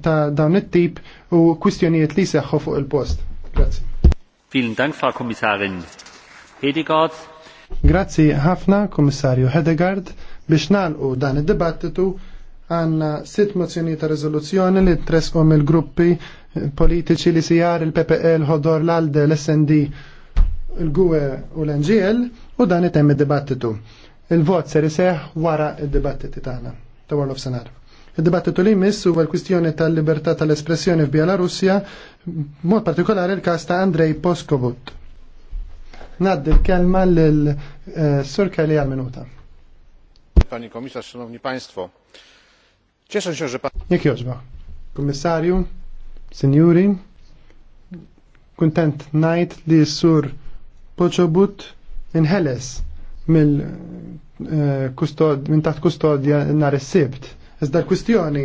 ta' dawn it-tip u kwistjonijiet li seħħu fuq il-post. Grazzi. Vielen Dank, Frau Kommissarin Hedegaard. Grazzi ħafna, Kommissarju Hedegaard, biex nalqu dan id-dibattitu għanna sitt mozzjoni ta' rezoluzzjoni li treskom il-gruppi politiċi li sijar il-PPL, Hodor, l-Alde, l-SND, il-GUE u l-NGL e u dan item id-dibattitu. Il-vot ser iseħ wara id-dibattiti tagħna. Tawar l-ofsenar il dibattitu li jmiss huwa l-kwistjoni tal-libertà tal-espressjoni f'Bjelarussja, mod partikolari l kas ta' Andrej Poskovut. Naddi l-kelma l eh, sur Kelly għal-minuta. Pani komisarz, szanowni państwo, cieszę się, że pan... Jak jożba. Komisarju, seniori, kuntent najt li sur in inħeles mill-kustod, eh, min taħt kustodja nar is-sibt Iżda l-kwistjoni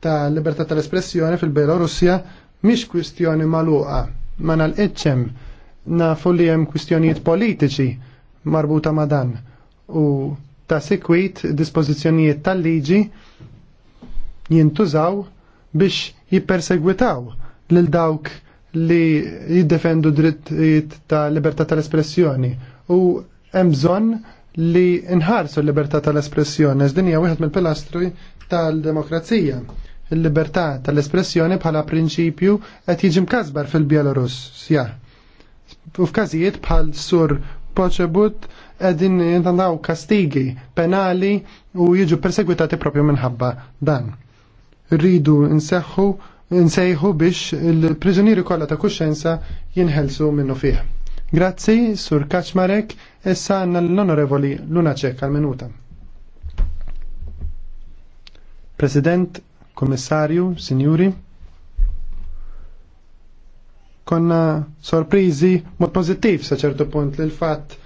ta' libertà tal-espressjoni fil-Belorussja mhix kwistjoni magħluqa ma nal-eċċem nafu li hemm kwistjonijiet politiċi marbuta ma' dan u ta' sekwit dispożizzjonijiet tal-liġi jintużaw biex jippersegwitaw lil dawk li jiddefendu drittijiet ta' libertà tal-espressjoni u hemm bżonn li nħarsu l-libertà tal-espressjoni, din hija wieħed mill-pilastri tal-demokrazija. Il-libertà tal-espressjoni bħala prinċipju qed jiġi mkasbar fil-Bjelorussja. U f'każijiet bħal sur Poċebut qegħdin jintandaw kastigi penali u jiġu persegwitati proprju minħabba dan. Rridu nseħħu nsejħu biex il-priġunieri kollha ta' kuxenza jinħelsu minnu fih. Grazzi, Sur Kaċmarek. Issa għanna l-onorevoli Luna Ċek għal-minuta. President, Komissarju, Sinjuri, konna sorprizi mod pozittiv sa ċertu punt li l-fat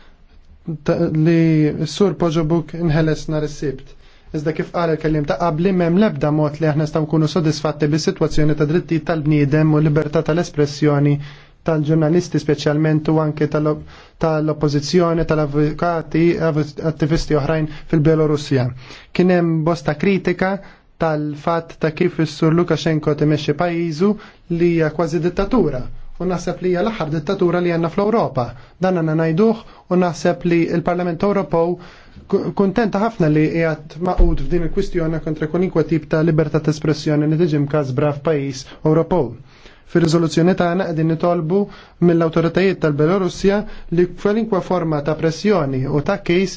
li s-sur poġobuk nħeles nar is-sibt. Iżda kif għal il-kellim ta' qabli m'hemm l-ebda mod li aħna staw nkunu sodisfatti bis-sitwazzjoni ta' drittijiet tal-bniedem u libertà tal-espressjoni tal-ġurnalisti speċjalment u anke tal-oppozizjoni, tal-avukati, attivisti oħrajn fil-Belorussja. Kien hemm bosta kritika tal-fatt ta' kif is-sur Lukashenko timexxi pajjiżu li hija kważi dittatura u naħseb li hija l-aħħar dittatura li għandna fl-Ewropa. Dan għandna ngħiduh u naħseb li l-Parlament Ewropew kuntenta ħafna li qiegħed maqud f'din il-kwistjoni kontra kunikwa tip ta' libertà ta' espressjoni li tiġi mkasbra f'pajjiż Ewropew. Fir-riżoluzzjoni tagħna qegħdin nitolbu mill-awtoritajiet tal-Belorussja li kwalinkwa forma ta' pressjoni u ta' kejs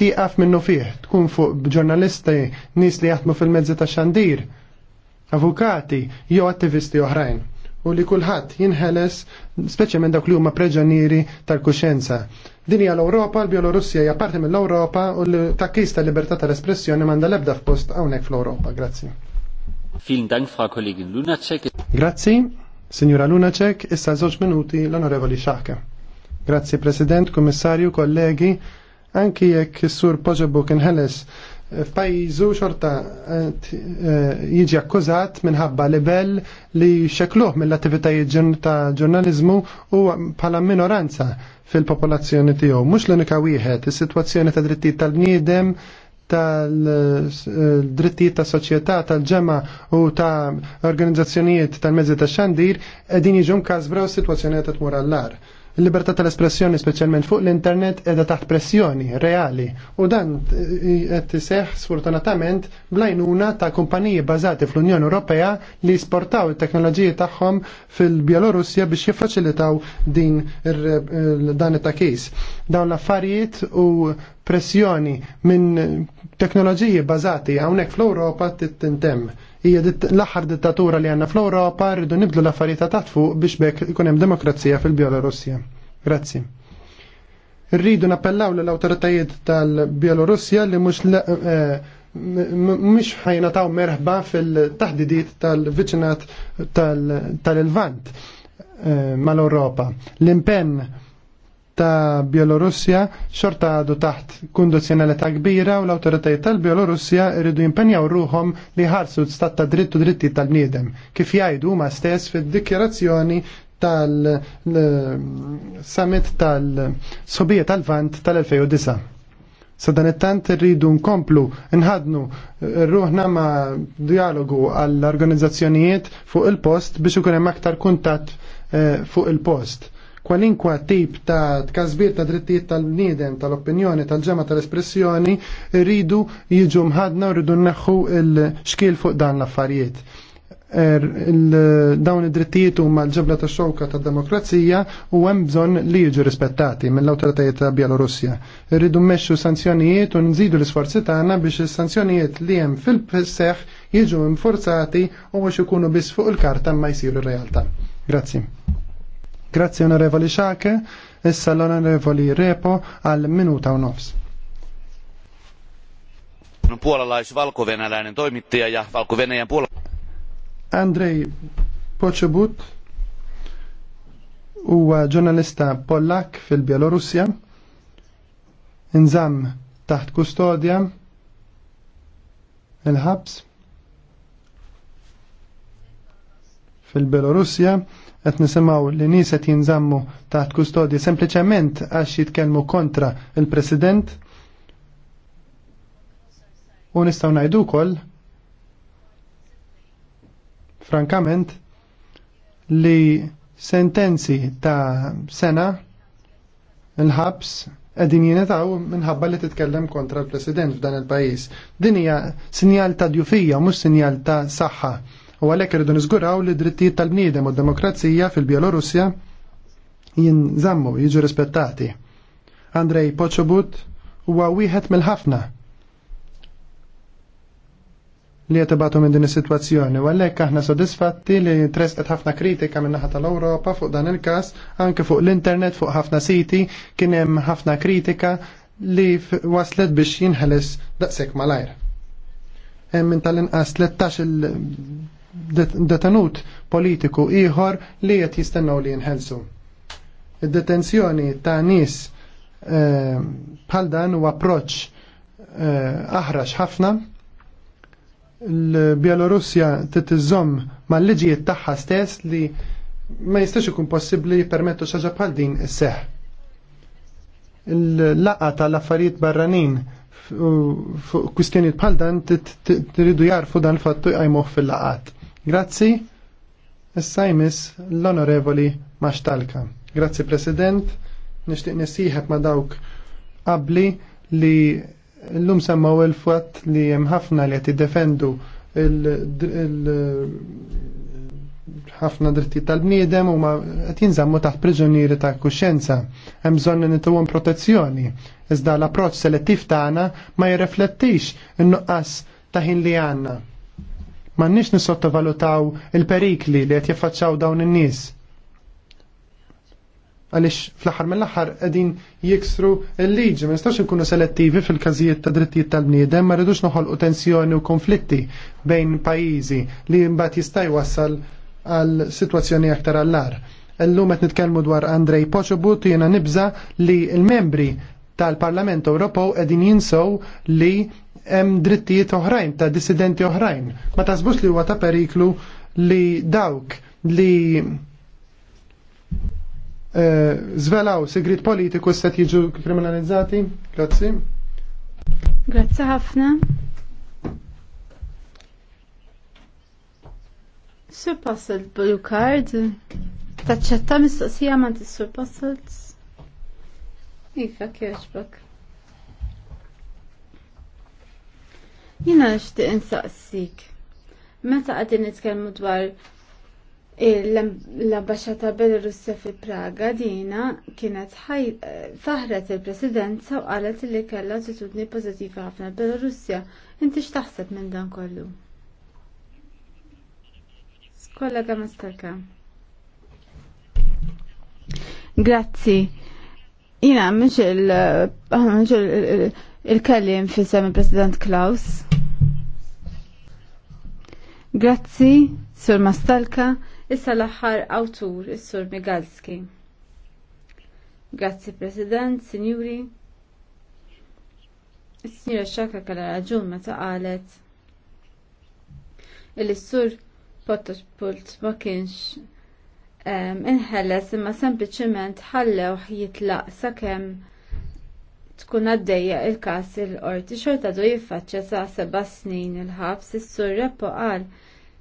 tiqaf minnu fih, tkun fuq ġurnalisti, nies li jaħdmu fil-mezzi ta' xandir, avukati jew attivisti oħrajn u li kulħadd jinħeles minn dawk li huma preġonieri tal-kuxenza. Din hija l-Ewropa, l-Bjelorussja hija parti mill-Ewropa u l-takkis tal-libertà tal-espressjoni m'għandha l-ebda f'post hawnhekk fl-Ewropa. Grazzi. Vielen Dank, Kollegin Lunacek. Grazzi, Signora Lunacek, issa żewġ minuti l-Onorevoli Xaħke. Grazzi, President, Kommissarju, kollegi, anki jekk sur Poġebu kien ħeles eh, f'pajjiżu xorta eh, eh, jiġi akkużat minħabba libell li xekluh mill-attivitajiet ta' ġurnalizmu u bħala minoranza fil-popolazzjoni tiegħu. Mhux l-unika wieħed, is-sitwazzjoni ta' drittijiet tal-bniedem tal-drittijiet ta' soċjetà tal-ġemma u ta' organizzazzjonijiet tal-mezzi ta' xandir qegħdin jiġu mkasbra u situazzjonijiet qed tmur għall Il-libertà tal-espressjoni speċjalment fuq l-internet qiegħda taħt pressjoni reali u dan qed iseħħ sfortunatament blajnuna ta' kumpaniji bażati fl-Unjoni Ewropea li sportaw it-teknoloġiji tagħhom fil-Bjelorussja biex jiffaċilitaw din dan it-takis. Dawn l-affarijiet u pressjoni minn teknoloġiji bazati hawnhekk fl-Ewropa tintemm. Hija l-aħħar dittatura li għandna fl-Ewropa rridu nibdlu l-affarijiet ta' fuq biex bekk ikun hemm demokrazija fil-Bjelorussja. Grazzi. Rridu nappellaw l awtoritajiet tal-Bjelorussja li mhux eh, mhux taw merħba fil-taħdidiet tal-viċinat tal-Ilvant eh, mal-Ewropa. L-impenn ta' Bielorussja xorta għadu taħt kondizjonalità kbira u l-autoritajiet tal-Bielorussja rridu jimpenjaw ruhom li ħarsu stat ta' drittu dritti tal-bniedem kif jgħidu ma stess fid-dikjerazzjoni tal-summit tal-sobija tal-vant tal-2009. Sadan it-tant irridu nkomplu nħadnu rruħna ma' dialogu għall-organizzazzjonijiet fuq il-post biex ikun hemm aktar kuntatt eh, fuq il-post Kwalinkwa tip ta' tkazbir ta' drittijiet tal-bniedem, tal-opinjoni, tal-ġema tal-espressjoni rridu jiġu mħadna u rridu neħu il-xkil fuq dan l-affarijiet. Er, dawn id-drittijiet huma l-ġebla ta' xoka ta' demokrazija u hemm bżonn li jiġu rispettati mill-awtoritajiet ta' Bielorussja. Irridu mmexxu sanzjonijiet u nżidu l-isforzi tagħna biex is-sanzjonijiet li hemm fil-seħħ jiġu mforzati u biex ikunu biss fuq il-karta ma jsiru realtà. Grazzi. Grazie onorevoli Xake, e salonorevoli Repo al minuta u nofs. Puolalais-valko-venäläinen toimittaja ja Valko-Venäjän puolella. Andrej Poczobut huwa ġurnalista Pollak fil Bielorussia, inzam taht kustodia, il habs fil-Belorussja qed nisimgħu li nies qed jinżammu taħt kustodja sempliċement għax jitkellmu kontra il-President u nistgħu ngħidu wkoll frankament li sentenzi ta' sena il-ħabs għedin jinetaw minħabba li titkellem kontra l-President f'dan il-pajis. Din hija sinjal ta' djufija, mhux sinjal ta' saħħa. U għalhekk rridu niżguraw li drittijiet tal-bniedem u d-demokrazija fil-Bjelorussja jinżammu, jiġu rispettati. Andrej Poċobut huwa wieħed mill-ħafna li ibatu minn din is-sitwazzjoni u għalhekk aħna sodisfatti li tresqet ħafna kritika minn naħa tal-Ewropa fuq dan il-każ, anke fuq l-internet fuq ħafna siti kien hemm ħafna kritika li waslet biex jinħeles daqshekk malajr. Hemm minn tal-inqas 13 il detenut politiku ieħor li qed jistennaw li jinħelsu. il detenzjoni ta' nis eh, bħal dan huwa approċċ eh, aħrax ħafna. L-Bjelorussja ma' mal-liġijiet tagħha stess li ma jistax ikun possibbli jippermettu xi ħaġa bħal din isseħħ. Il-laqa tal-affarijiet barranin fuq kwistjoni bħal dan tridu jarfu dan fattu jqajmuh fil-laqat. Grazzi, issa jmiss l-onorevoli Maxtalka. Grazzi President, nishtiq nisiħab ma dawk qabli li l-lum semmaw il-fat li ħafna li għati defendu ħafna dritti tal-bniedem u ma tinżammu taħt priġunieri ta' kuxenza. Hemm bżonn nituhom protezzjoni. Iżda l-approċċ selettiv tagħna ma jirreflettix in-nuqqas ta' ħin li għandna. M'għandniex nisottovalutaw il-perikli li qed jaffaċċaw dawn in-nies. Għaliex fl-aħħar mill-aħħar qegħdin jiksru l-liġi, ma nistax inkunu selettivi fil-każijiet ta' drittijiet tal-bniedem, ma rridux noħolqu tensjoni u konflitti bejn pajjiżi li mbagħad jista' jwassal għal sitwazzjoni aktar allar. Illum qed nitkellmu dwar Andrej Poċobut jiena nibża li l-membri tal-Parlament Ewropew qegħdin jinsow li hemm drittijiet oħrajn ta' dissidenti oħrajn. Ma tasbux li huwa ta' periklu li dawk li eh, zvelaw sigrit politiku set jiġu kriminalizzati? Grazzi. Grazzi ħafna. Surpassed blue card. Taċċetta mistoqsija ma t-surpassed. Iva, kjoċbak. Jina nishtiq insaqsik. Meta għadin nitkellmu dwar l-ambasċata Belorussja fi Praga dina kienet faħret il-presidenza u qalet li kellha attitudni pożittiva ħafna Belorussja. Inti x'taħseb minn dan kollu? Kollega Mastarka. Grazzi. Jina, mux il-kellim ah, fi sem president Klaus. Grazzi, Sur Mastalka, issa l-axħar awtur, Sur Migalski. Grazzi, President, Signori. is Xaka kalla raġun meta qalet. Il-Sur Potter Pult ma kienx inħelles imma sempliċement ħallew jitlaq sakemm tkun għaddejja il-kas il-qorti xorta du jiffaċċja sa' seba' snin il-ħabs is-sur Repo qal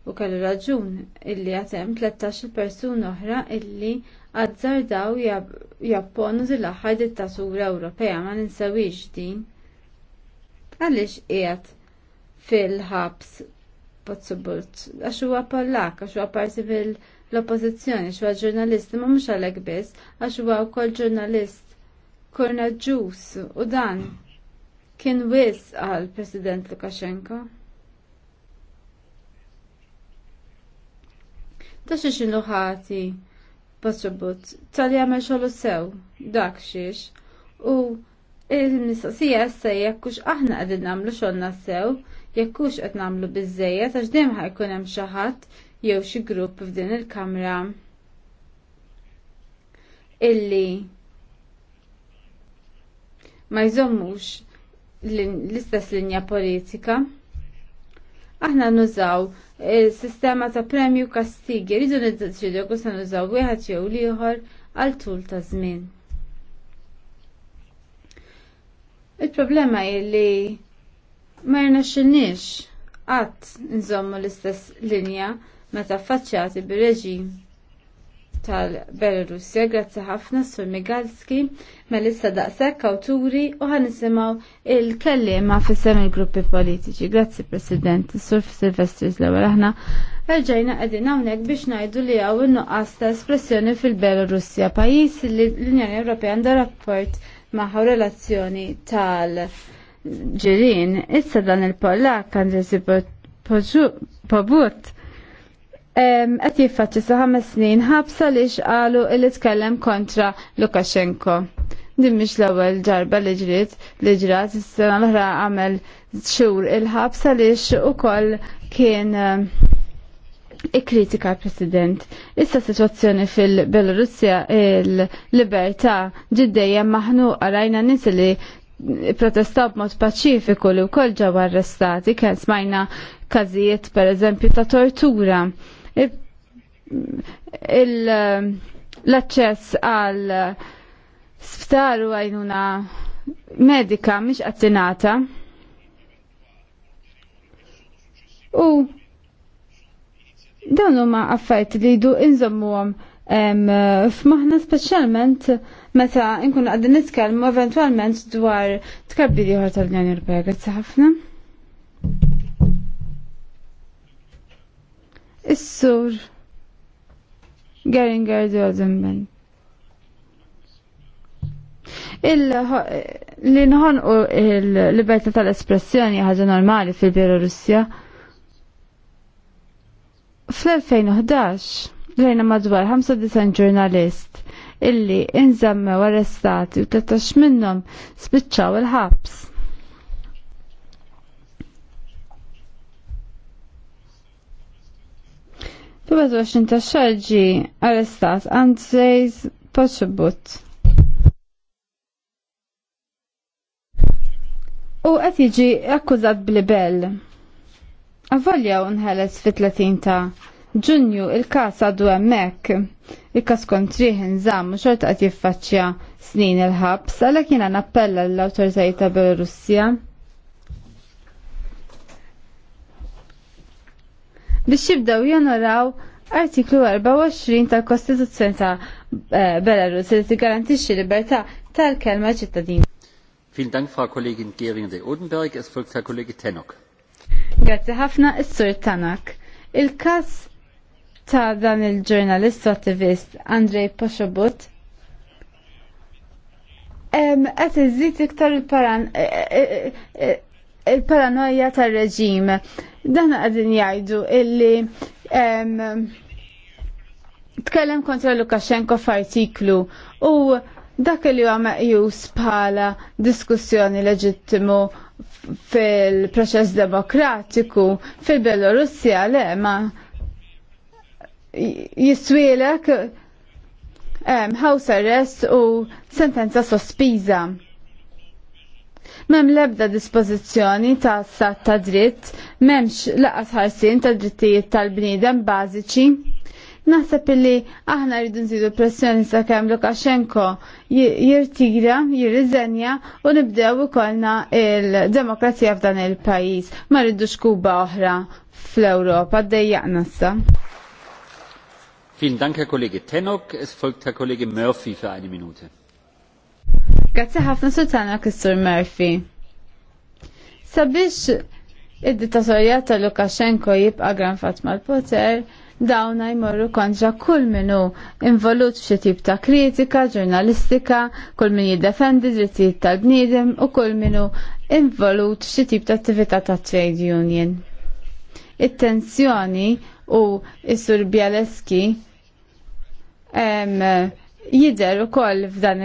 u kellu raġun illi għatem 13 persuna oħra illi għazzardaw japponu zil aħħar dittatura Ewropea ma ninsawix din. Għaliex qiegħed fil-ħabs Pozzoburt, għax huwa għaxu għax huwa parti fil- -ħabs, l-oppożizzjoni xwa ġurnalisti ma mhux għalhekk biss għax huwa wkoll ġurnalist kornaġġuż u dan kien wis għal President Lukashenko. Ta' xiex inluħati b'attribut tal jagħmel xollu sew dak xiex u il-mistoqsija jessa jekkux aħna qegħdin nagħmlu xollna sew jekkux qed nagħmlu biżejjed għax dejjem ħajkun hemm xi ħadd jew xi grupp f'din il-kamra illi ma jżommux l-istess linja politika. Aħna nużaw eh, sistema ta' premju kastigi rridu niddeċidu għu se nużaw wieħed jew liħor għal tul ta' żmien. Il-problema hi li ma jirnexxinniex qatt nżommu l-istess linja meta affaċċjati bir-reġim tal-Belarusja grazzi ħafna sur Migalski mal issa daqshekk awturi u ħanisimgħu il-kellima fis-sem il-gruppi politiċi. Grazzi President, sur Silvestri l-ewwel aħna Erġajna qegħdin hawnhekk biex ngħidu li hawn innuqqas ta' espressjoni fil-Belorussja, pajjiż li l-Unjoni Ewropea għandha rapport maħu relazzjoni tal-ġirin. Issa dan il-Pollak għandri Pabut qed sa ħames snin ħabsa li xqalu li tkellem kontra Lukashenko. Dimmix l-ewwel ġarba li ġriet li ġrat s sena l-oħra għamel xhur il-ħabsa li ukoll kien ikkritika l-President. Issa situazzjoni fil-Belorussja il-libertà ġiddeja maħnu għarajna nis li protestaw b'mod paċifiku li wkoll ġew arrestati kien smajna każijiet pereżempju ta' tortura l-aċċess għal sptar u għajnuna medika mhix għattinata U dawn huma affarijiet li jdu inżommuhom f'maħna speċjalment meta nkunu qegħdin nitkellmu eventwalment dwar tkabbi ieħor tal-Unjoni Ewropea. Grazzi ħafna. Is-sur Geringer Dozenben. Li nħonqu il-libertà tal-espressjoni ħaġa normali fil-Bielorussja. Fl-2011 rejna madwar 95 ġurnalist illi inżammew arrestati u 13 minnhom spiċċaw il-ħabs. 21 ta' xarġi arrestat Andrzejs Poċubut. U qed jiġi akkużat blibel. ibel Avaljaw nħeles fit-30 ta' ġunju il-kas għadu għemmek, Il-kas kontriħ zam, u xorta qed jiffaċċja snin il-ħabs, għalhekk jiena nappella l-awtoritajiet ta' Belorussja biex jibdaw jonoraw artiklu 24 tal-Kostituzzjoni ta' eh, Belarus li tigarantixxi libertà tal-kelma ċittadin. Vielen Dank, Frau Kollegin Gering de Odenberg. Es folgt Herr Kollege Tenok. Grazie ħafna, is-Sur Tanak. Il-kas ta' dan il-ġurnalist u attivist Andrej Poshobut qed iżid iktar il-paran e- e- e- il-paranoja tal-reġim. Dan għadin jgħidu illi tkellem kontra Lukashenko f'artiklu u dak li huwa meqjus bħala diskussjoni leġittimu fil-proċess demokratiku fil-Belorussja le ma jiswielek house arrest u sentenza sospiża. Mem lebda dispożizzjoni ta' s-sat ta' dritt, memx laqas ħarsin ta' drittijiet tal-bniedem bażiċi. Naħseb illi aħna rridu nżidu pressjoni sakemm Lukashenko jirtira, jirriżenja u nibdew ikollna il-demokrazija f'dan il-pajjiż. Ma rridux Kuba oħra fl-Ewropa dejjaqna sa. Vielen Dank, Herr Kollege Tenok. Es folgt Herr Kollege Murphy für eine Minute. Grazzi ħafna Sultana Kristur Murphy. Sabiex id-dittatorja ta' Lukashenko jibqa' gran Fatma l-poter, dawna jmorru kontra kull minu involut f'xi tip ta' kritika, ġurnalistika, kull min jiddefendi drittijiet tal bnidem u kull minu involut f'xi tip ta' attività ta' trade union. It-tensjoni u s-sur Bialeski jider u koll f'dan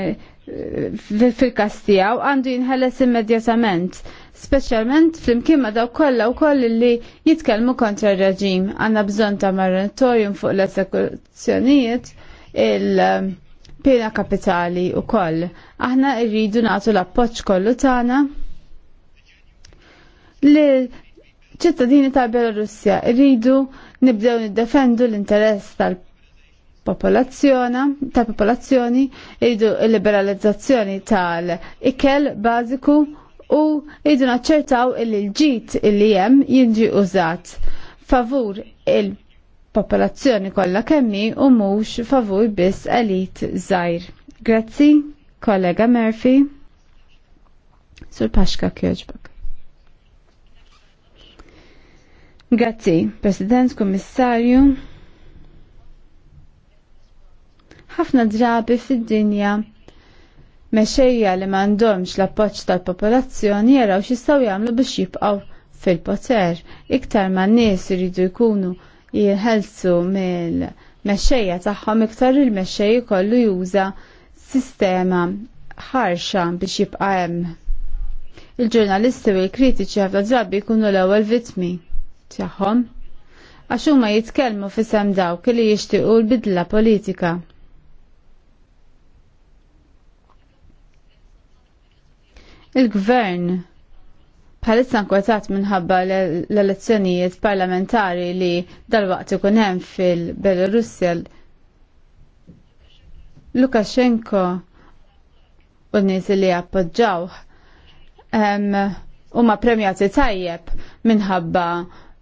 Eh, fil-kastijaw għandu jinħeles immedjatament, specialment fl-imkien ma daw kolla u koll li jitkelmu kontra reġim għanna bżon ta' marinatorium fuq l-esekuzzjonijiet il-pena kapitali u koll. Aħna irridu natu l-appoċ kollu tana li ċittadini ta' Belorussja irridu nibdew niddefendu l-interess tal-pena popolazzjona ta' popolazzjoni iridu liberalizzazzjoni tal-ikel bażiku u idu naċċertaw li ġit il hemm jiġi użat favur il-popolazzjoni kollha kemmi u mhux favur biss elit żgħir. Grazzi, kollega Murphy. Sur Paxka kjoġbak. Grazzi, President, Kommissarju ħafna drabi fid-dinja mexejja li m'għandhomx l-appoġġ tal-popolazzjoni jaraw x'jistgħu jagħmlu biex jibqgħu fil-poter. Iktar ma n-nies iridu jkunu jilħelsu mill mexejja tagħhom iktar il mexej kollu juża sistema ħarxa biex jibqa' hemm. Il-ġurnalisti u l-kritiċi ħafna drabi jkunu l-ewwel vittmi tagħhom għax huma jitkellmu fisem dawk li jixtiequ l-bidla politika. Il-gvern bħalissa nkwetat minħabba l-elezzjonijiet parlamentari li dal-waqt ikun hemm fil-Belorussja Lukashenko u n-nies li appoġġawh huma premjati tajjeb minħabba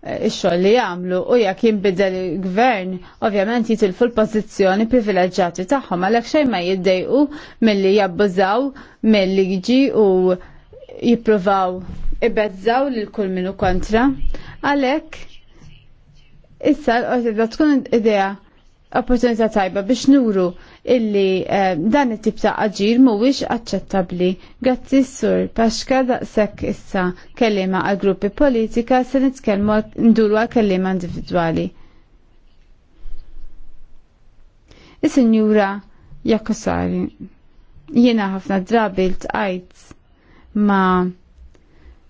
Eh, ix-xogħol li jagħmlu u jekk jinbidel il-gvern, ovvjament jitilfu l-pożizzjoni privileġġati tagħhom għalhekk xejn ma jiddejqu milli jabbużaw mill-liġi u jippruvaw ibezzaw lil kull minnu kontra. Għalhekk issa l-qorti tkun idea opportunità tajba biex nuru illi eh, dan it-tip ta' aġir mhuwiex aċċettabbli. Grazzi sur Paxka daqshekk issa kellima għal gruppi politika se nitkellmu nduru għal kellima individwali. Is-Sinjura Jakosari, jiena ħafna drabi l-tqajt ma'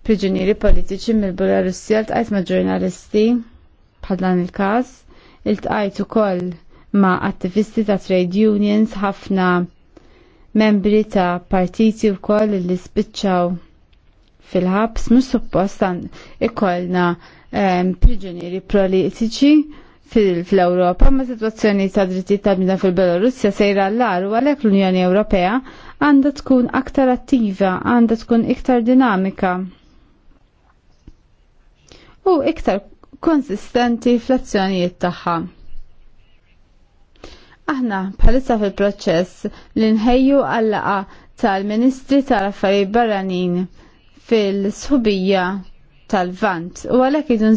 priġunieri politiċi mill-Belarusja l-tqajt ma' ġurnalisti bħal dan il-każ, il-tqajt ukoll koll ma' attivisti ta' trade unions, ħafna membri ta' partiti u koll li spiċċaw fil-ħabs, mux suppostan ikollna um, ehm, prigjonieri politiċi fil-Europa ma' situazzjoni ta' dritti ta' bnida fil-Belorussja sejra l-lar u għalek l-Unjoni Ewropea għanda tkun aktar attiva, għanda tkun iktar dinamika u iktar konsistenti fl-azzjonijiet tagħha. Aħna bħalissa fil-proċess li nħejju għallaqa tal-Ministri tal-Affarijiet Barranin fil subija tal-vant u għalhekk idu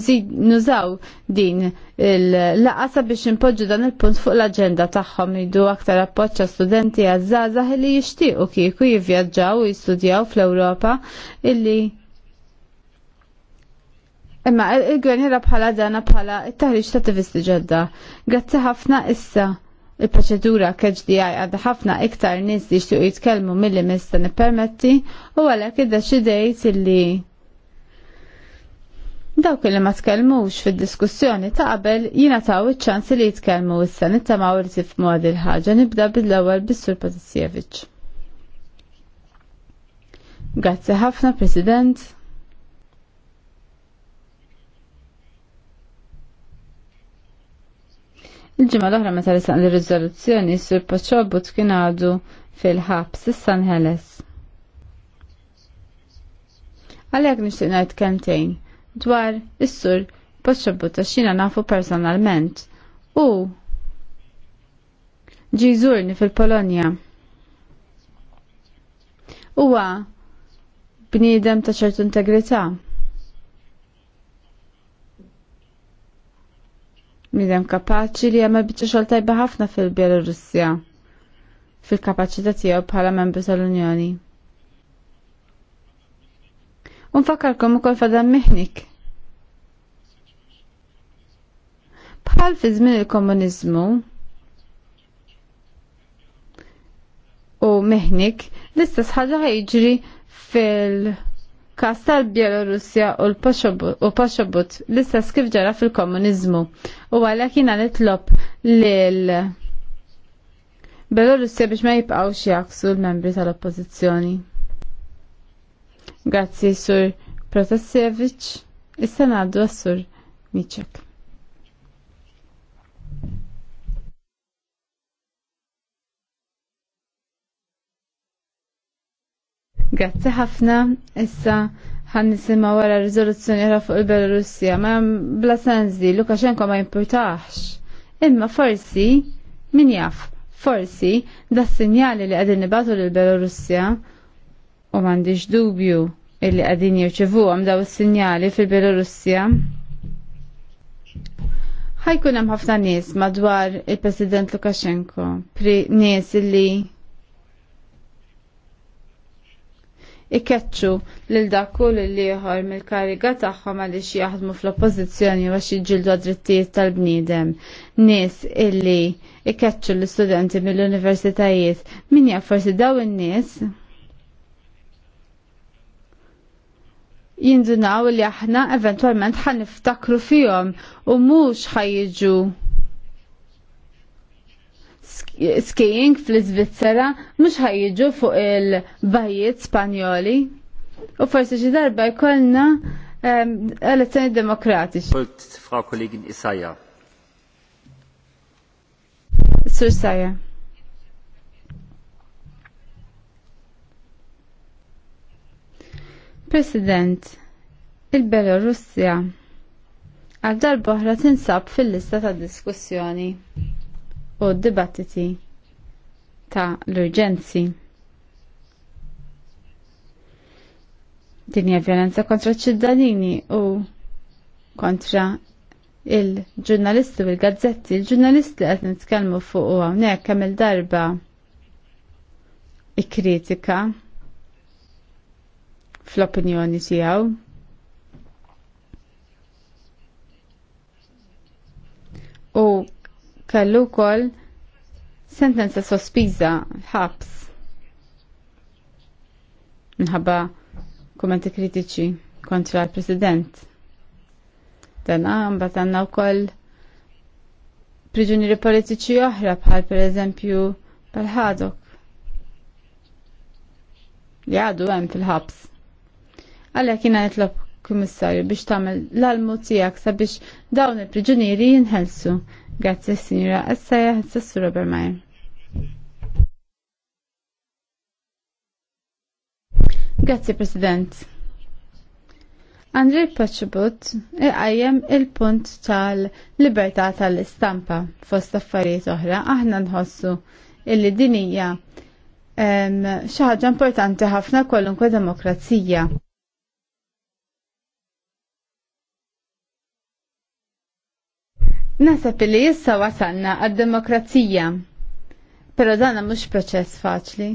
nużaw din il-laqasa biex impoġġu dan il-punt fuq l-aġenda tagħhom jdu aktar appoġġa studenti għażżażaħ li jixtiequ kieku jivvjaġġaw u jistudjaw fl-Ewropa illi Imma il-gwenjera bħala dana bħala il taħriġ ta' tivisti ġodda. Grazzi ħafna issa il-proċedura KHDI għadda ħafna iktar nis li xtuq jitkelmu mill-li mista nippermetti u għalek id-deċidejt illi dawk li ma tkellmux fil-diskussjoni ta' qabel jina taw iċ-ċans li jitkellmu issa nittamaw irtif mwad il-ħagġa nibda bil-ewwel bis-Sur Grazie Grazzi ħafna, President. Il-ġimgħa l-oħra meta risaq l-riżoluzzjoni sur Paċobut kien għadu fil-ħabs issa nħeles. Għalhekk nixtieq ngħid kentejn dwar is-sur Paċobut għax nafu personalment u ġiżurni fil-Polonja. Huwa bniedem ta' ċertu integrità. midem kapaċi li jemma bieċa xol tajba ħafna fil-Bielorussja fil-kapacità tiegħu bħala membru tal-Unjoni. Unfakarkom ukoll fadam miħnik. Bħal fi żmien il-komuniżmu u miħnik l-istess jiġri fil-, fil- fil-kas tal-Bielorussja u l-Paxobut l-istess kif ġara fil-komunizmu u għalek jina nitlob l Belorussja biex ma jibqawx jaksu l-membri tal-oppozizjoni. Grazzi, Sur Protasevich, il senadu sur Miċek. Grazie ħafna, issa ħan nisima wara rizoluzzjoni ħra fuq il belarusja ma bla senzi, Lukashenko ma jimpurtax. Imma forsi, min jaf, forsi, da sinjali li għadin nibatu l-Belorussja, u mandiġ dubju illi għadin jirċevu għam daw sinjali fil-Belorussja. ħajkun hemm ħafna nies madwar il-President Lukashenko, pri nies illi ikeċċu lil dak kull li ieħor mill-kariga tagħhom għaliex jaħdmu fl-oppożizzjoni għax jiġġieldu għad-drittijiet tal-bniedem. Nies illi ikeċċu l-istudenti mill-universitajiet, min jaf forsi daw in-nies jindunaw li aħna eventualment ħan niftakru fihom u mhux ħajjiġu skiing fl svizzera mhux ħajjiġu fuq il bajiet Spanjoli u forsi xi darba jkollna elezzjoni demokratiċi. Kult Frau Kollegin Isaja. Sur Saja. President, il-Belorussja għal darba oħra tinsab fil-lista ta' diskussjoni u d-dibattiti ta' l-urġenzi. Dinja violenza kontra ċittadini u kontra il-ġurnalisti u il-gazzetti, il-ġurnalisti għet nitkellmu fuq u għawnek kemm il-darba i-kritika fl-opinjoni tijaw. kellu wkoll sentenza sospiża ħabs minħabba kommenti kritiċi kontra l-President. Dana għanna u wkoll priġunieri politiċi oħra bħal pereżempju bħal-ħadok li għadu hemm fil-ħabs. Għalla kina nitlob kummissarju biex tagħmel l-almu tiegħek sabiex dawn il-priġunieri jinħelsu. Grazzi Sinjura Assaja Ħassassu Robert Mayer. Grazzi President. Andrej Paċibut iqajjem il-punt tal-libertà tal-istampa fost affarijiet oħra aħna nħossu illi din hija xi ħaġa importanti ħafna kwalunkwe demokrazija. Nasab li jissa wasalna għad-demokrazija, pero dana mux proċess faċli.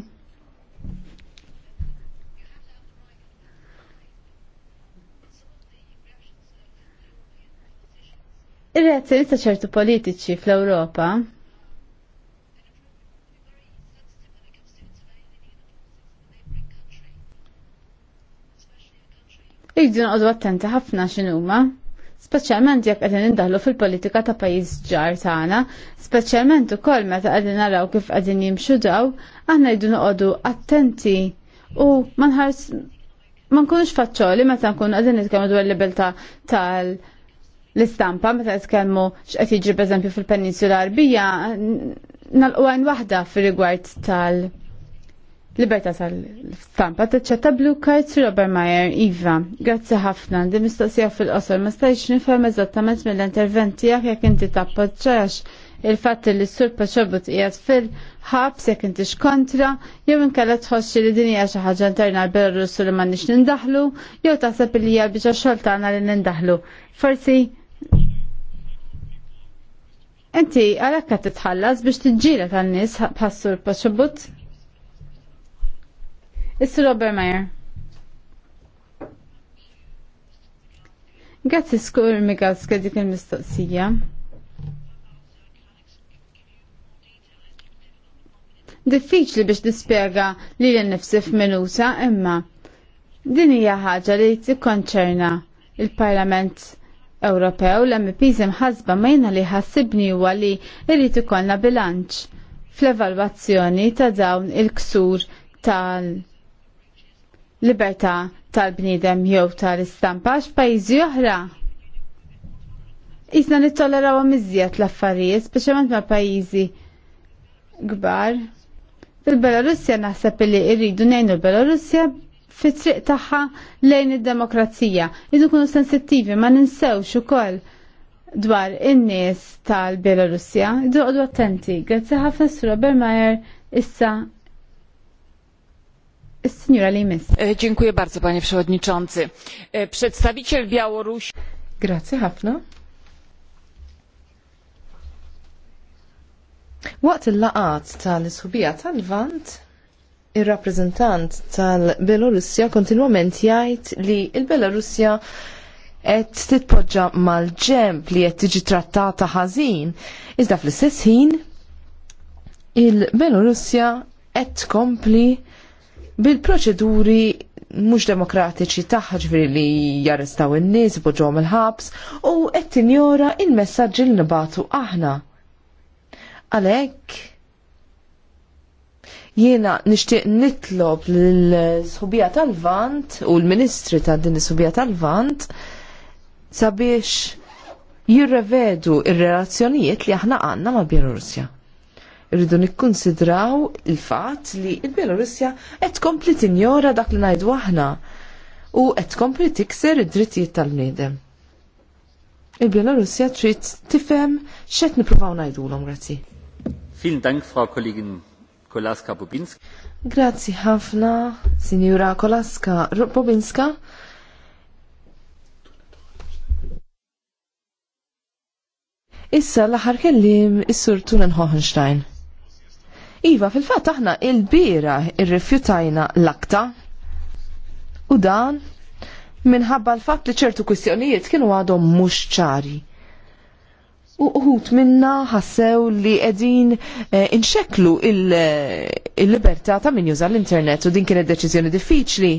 Ir-reazzjoni ta' ċertu politiċi fl-Ewropa Iġdu noqdu attenti ħafna x'inhuma speċjalment jekk qegħdin indaħlu fil-politika ta' pajjiż ġar tagħna, speċjalment ukoll meta qegħdin naraw kif qegħdin jimxu daw, aħna jdu noqogħdu attenti u manħars nħars ma nkunux faċċoli meta nkunu qegħdin nitkellmu dwar libertà tal l-istampa meta nitkellmu x'qed jiġri pereżempju fil-Peninsula Arbija nalqu għajn waħda fir-rigward tal- Libertà tal-stampa taċċetta Blue Cards Robert Meyer Iva. Grazzi ħafna, di mistoqsija fil-qosor ma stajx nifhem eżattament mill-intervent tiegħek jekk inti tappoġġax il fat li s-sur paċobut qiegħed fil-ħabs jekk inti kontra, jew inkella tħosċi li din hija xi ħaġa interna l-Belarus li m'għandniex nindaħlu, jew taħseb li hija biċa xogħol tagħna li nindahlu. Forsi Inti għalakka qed titħallas biex tiġġiela tan-nies bħassur paċobut? Is-Sur Obermeyer. Grazzi skur Migalska dik il-mistoqsija. Diffiċli biex dispjega li l-nifsi f'minuta imma din hija ħaġa li tikkonċerna il-Parlament Ewropew l-MPs imħasba majna li ħassibni huwa li irrid ikollna bilanċ fl-evalwazzjoni ta' dawn il-ksur tal- libertà tal-bniedem jew tal-istampa x'pajjiżi oħra. Isna nittolerawha miżjed l-affarijiet, speċjalment ma' pajjiżi kbar. fil belarusja naħseb li rridu ngħinu l-Belorussja fit-triq tagħha lejn id-demokrazija. Idu kunu sensittivi ma ninsewx ukoll dwar in-nies tal-Belorussja. Idu attenti. Grazzi ħafna Robert Bermajer issa E, dziękuję bardzo, panie przewodniczący. E, przedstawiciel Białorusi. Grazie, ħafna. Waqt il-laqat tal-isħubija tal-Vant, ir-rappreżentant tal-Belorussja kontinwament jgħid li l-Belorussja qed titpoġġa mal-ġemp li qed tiġi trattata ħażin. Iżda fl-istess ħin il-Belorussja qed tkompli bil-proċeduri mhux demokratiċi tagħha ġifieri li jarrestaw in-nies poġġhom il-ħabs u qed tinjora il-messaġġi li nabatu aħna. Għalhekk jiena nixtieq nitlob l-Subija tal-Vant u l-Ministri ta' din is-Subija tal-Vant sabiex jirrevedu il relazzjonijiet li aħna għandna mal-Bjelorussja. Irridu nikkonsidraw il-fatt li il-Belorussja qed tkompli tinjora dak li ngħidu aħna u qed tkompli tikser id-drittijiet tal-bniedem. Il-Belorussja trid tifhem x'qed nippruvaw ngħidulhom grazzi. Vielen Dank, Frau Kollegin Kolaska Bobinska. Grazzi ħafna, Sinjura Kolaska Bobinska. Issa l-aħħar kellim is-Sur Tunen Hohenstein. Iva, fil-fat aħna il-bira irrifjutajna l-akta u dan minħabba l-fat li ċertu kwistjonijiet kienu għadhom mhux ċari. U uħut minna ħassew li edin eh, inxeklu eh, il-libertà il ta' min juża l-internet u din kienet deċiżjoni diffiċli.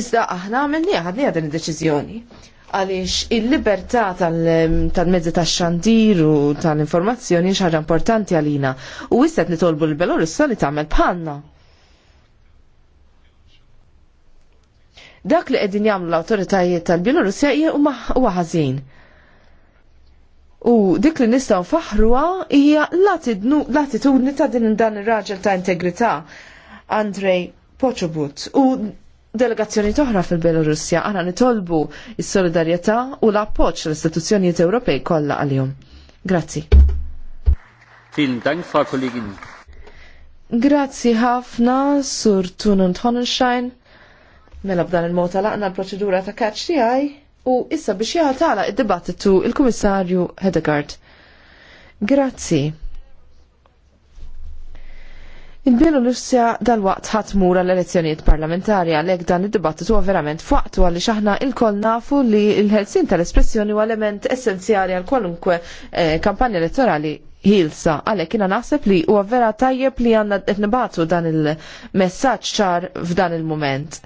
Iżda aħna għamilni għadni għadni id-deċiżjoni għaliex il-libertà tal-mezzi tal tax-xandir u tal-informazzjoni xaġa importanti għalina u wisset nitolbu l-Belorussa li tagħmel bħalna. Dak li qegħdin jagħmlu l-awtoritajiet tal-Belorussja hija huma ħażin. U dik li nistaw faħruha hija l-attitudni ta' din dan ir-raġel ta' integrità Andrej Poċobut. U delegazzjoni toħra fil-Belorussja għana nitolbu is solidarjetà u l-appoċ l-istituzzjonijiet Ewropej kollha għal-jum. Grazzi. Vielen Dank, Frau Kollegin. Grazzi ħafna, Sur Tunun Tonenschein. Mela b'dan il-mod laqna l-proċedura ta' catch tiegħi u issa biex jagħtala id-dibattitu il-Kummissarju Hedegard. Grazzi il l-Russja dal-waqt ħatmura l-elezzjonijiet parlamentari għalhekk dan id-dibattitu huwa verament faqtu għaliex aħna lkoll nafu li l-ħelsin tal-espressjoni huwa element essenzjali għal kwalunkwe eh, kampanja elettorali ħilsa għalhekk jiena naħseb li huwa vera tajjeb li għandna qed nibatu dan il messagġ ċar f'dan il-mument.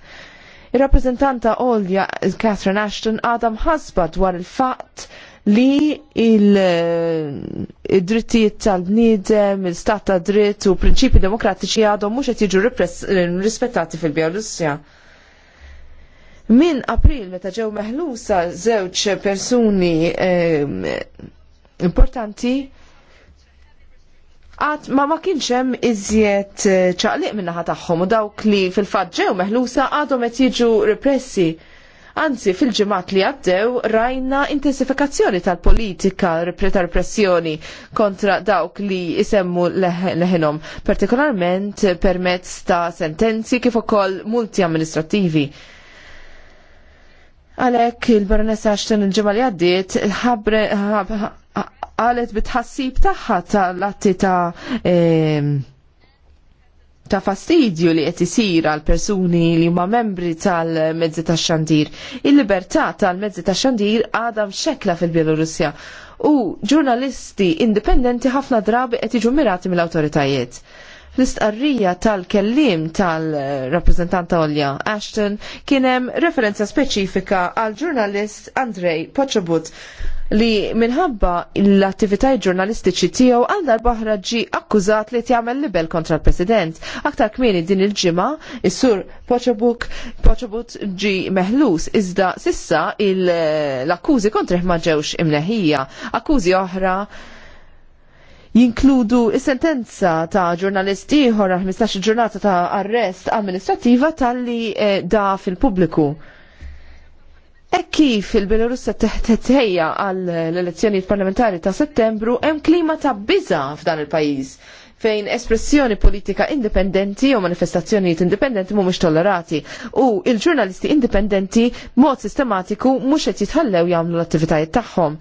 Ir-rappreżentanta Olja Catherine Ashton għadha mħasba dwar il-fatt li il-drittijiet eh, tal-bniedem, il-stat ta' dritt u prinċipi demokratiċi għadhom mhux qed jiġu rispettati fil bjelussja Min april meta ġew meħlusa żewġ persuni eh, importanti għat ma ma kienxem iżjed eh, ċaqliq minnaħat tagħhom u dawk li fil-fadġew meħlusa għadhom qed jiġu repressi. Anzi, fil-ġemat li għaddew rajna intensifikazzjoni tal-politika ta' repressjoni kontra dawk li jisemmu leħenom, partikolarment permezz ta' sentenzi kif ukoll multi amministrativi. Għalhekk il-Baronessa Ashton il-ġimgħa li għaddiet ħabre għalet bitħassib tagħha tal-atti ta' ta' fastidju li qed isir għal persuni li huma membri tal-mezzi tax-xandir. Il-libertà tal-mezzi tax-xandir għadha mxekla fil-Bielorussja u ġurnalisti indipendenti ħafna drabi qed jiġu mirati mill-awtoritajiet. L-istqarrija tal-kellim tal-rappreżentanta Olja Ashton kienem referenza speċifika għal ġurnalist Andrej Poċobut li minħabba l-attivitaj ġurnalistiċi tiegħu għal darbaħra ġi akkużat li tjamel libel kontra l-President. Aktar kmieni din il-ġimgħa is-sur Poċobuk Poċobut ġi meħlus iżda sissa l-akkużi kontra ma ġewx imneħija. Akkużi oħra jinkludu is-sentenza ta' ġurnalist ieħor 15 ġurnata ta' arrest amministrativa tal-li eh, da fil-pubbliku. E kif il-Belorussa teħtejja għall l elezzjoni parlamentari ta' settembru hemm klima ta' biża f'dan il-pajjiż fejn espressjoni politika indipendenti u manifestazzjonijiet indipendenti mhumiex tollerati u il-ġurnalisti indipendenti mod sistematiku mhux qed jitħallew jagħmlu l-attivitajiet tagħhom.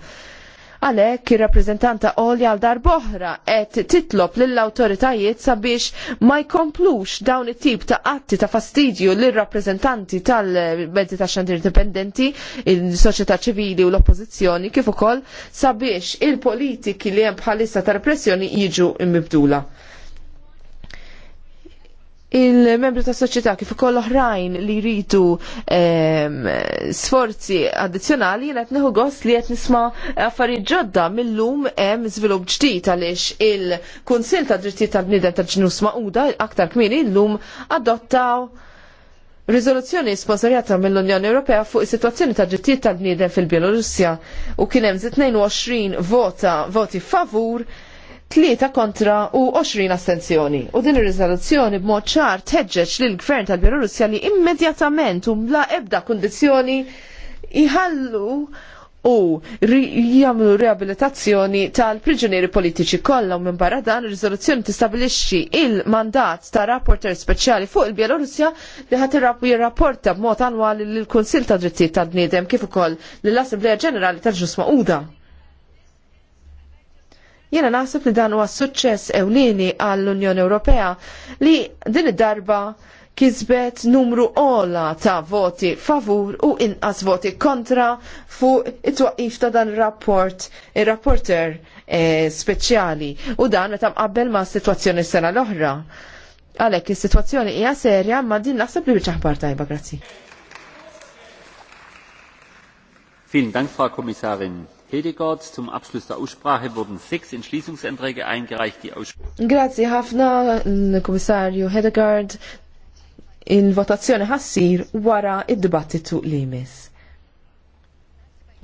Għalhekk ir-rappreżentanta għolja għal dar boħra qed titlob lill-awtoritajiet sabiex ma jkomplux dawn it-tip ta' atti ta' fastidju lir-rappreżentanti tal-mezzi ta' xandir indipendenti, il-soċjetà ċivili u l-oppożizzjoni kif ukoll sabiex il-politiki li hemm bħalissa ta' repressjoni jiġu imbibdula il-membri ta' soċjetà kif ukoll oħrajn li jridu ehm, sforzi addizzjonali jien qed neħu gost li qed nisma' affarijiet ġodda millum hemm żvilupp ġdid għaliex il-Kunsill ta' Drittijiet tal-Bniedem tal-Ġnus Maquda aktar kmieni llum adottaw Rizoluzzjoni sponsorjata mill-Unjoni Ewropea fuq is-sitwazzjoni ta' drittijiet tal-bniedem fil-Bielorussja u kien hemm 22 vota voti favur tlieta kontra u 20 astenzjoni. U din ir-riżoluzzjoni b'mod ċar teġġeġ lil gvern tal-Belorussja li immedjatament u bla ebda kundizzjoni iħallu u jagħmlu riabilitazzjoni tal-priġunieri politiċi kollha u minn barra dan ir-riżoluzzjoni tistabbilixxi il-mandat ta' rapporter speċjali fuq il-Bjelorussja li ħadd jirrapporta b'mod annwali lill-Kunsill ta' Drittijiet tad-Bniedem kif ukoll lill-Assembleja Ġenerali tal ġusma Mauda. Jena naħseb li dan huwa suċċess ewlieni għall-Unjoni Ewropea li din id-darba kisbet numru ola ta' voti favur u inqas voti kontra fuq it-twaqif ta' dan rapport ir-rapporter e, eh, speċjali u dan meta mqabbel ma' situazzjoni sena l-oħra. Għalhekk is-sitwazzjoni hija serja ma' din naħseb li biċaħbar tajba, grazzi. Fin Dank, Frau Kommissarin. Hedegaard. Zum Abschluss der Aussprache wurden sechs Entschließungsanträge eingereicht. Die Grazie ħafna, Kommissarju Hedegaard. Il-votazzjoni ħassir wara id-dibattitu li jmiss.